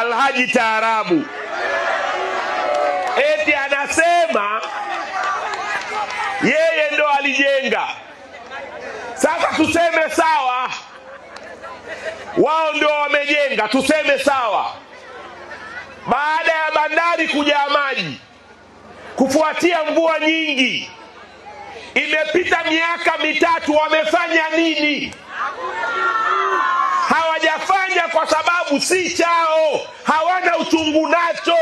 Alhaji Taarabu eti anasema yeye ndo alijenga. Sasa tuseme sawa, wao ndio wamejenga, tuseme sawa. Baada ya bandari kujaa maji kufuatia mvua nyingi, imepita miaka mitatu, wamefanya nini? sababu si chao, hawana uchungu nacho.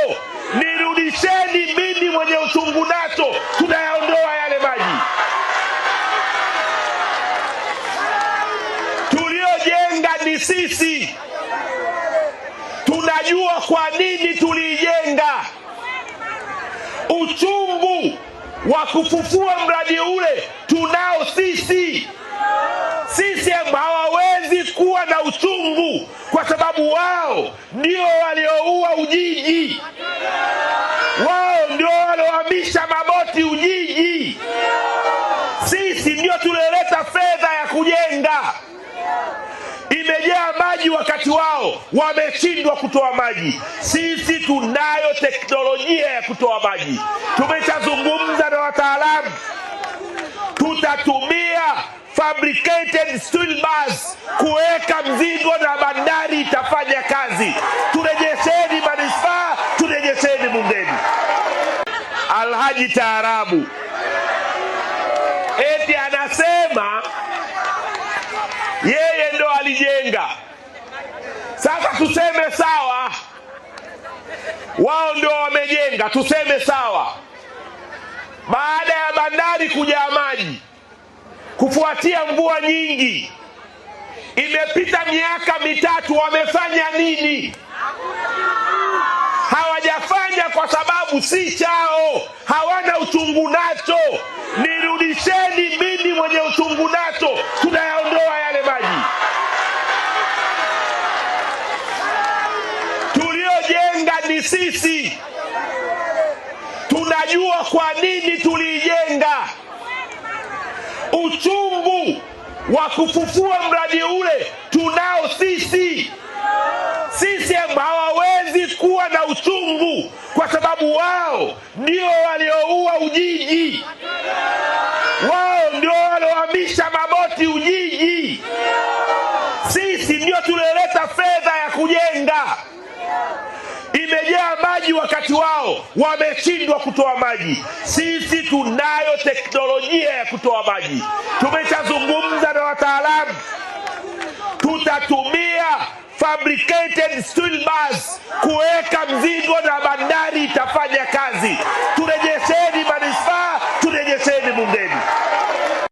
Nirudisheni mimi mwenye uchungu nacho, tunayaondoa yale maji. Tuliojenga ni sisi, tunajua kwa nini tuliijenga. Uchungu wa kufufua mradi ule tunao sisi kuwa na uchungu, kwa sababu wao ndio walioua Ujiji, wao ndio waliohamisha maboti Ujiji. Sisi ndio tulioleta fedha ya kujenga, imejaa maji, wakati wao wameshindwa kutoa maji. Sisi tunayo teknolojia ya kutoa maji, tumeshazungumza na wataalamu, tutatumia fabricated steel bars kuweka mzigo na bandari itafanya kazi. Turejesheni manispaa, turejesheni bungeni. Alhaji Taarabu eti anasema yeye ndo alijenga. Sasa tuseme sawa, wao ndio wamejenga, tuseme sawa, baada ya bandari kujama kufuatia mvua nyingi. Imepita miaka mitatu, wamefanya nini? Hawajafanya, kwa sababu si chao, hawana uchungu nacho. Nirudisheni mimi mwenye uchungu nacho, tunayaondoa yale maji. Tuliojenga ni sisi, tunajua kwa nini tuliijenga. wa kufufua mradi ule tunao sisi. CCM hawawezi kuwa na uchungu kwa sababu wao ndio walioua Ujiji, wao ndio waliohamisha maboti Ujiji. Sisi ndio tulioleta fedha ya kujenga. Imejaa maji wakati wao wameshindwa kutoa maji. Sisi tuna teknolojia ya kutoa maji. Tumeshazungumza na wataalamu, tutatumia fabricated steel bars kuweka mzigo na bandari itafanya kazi.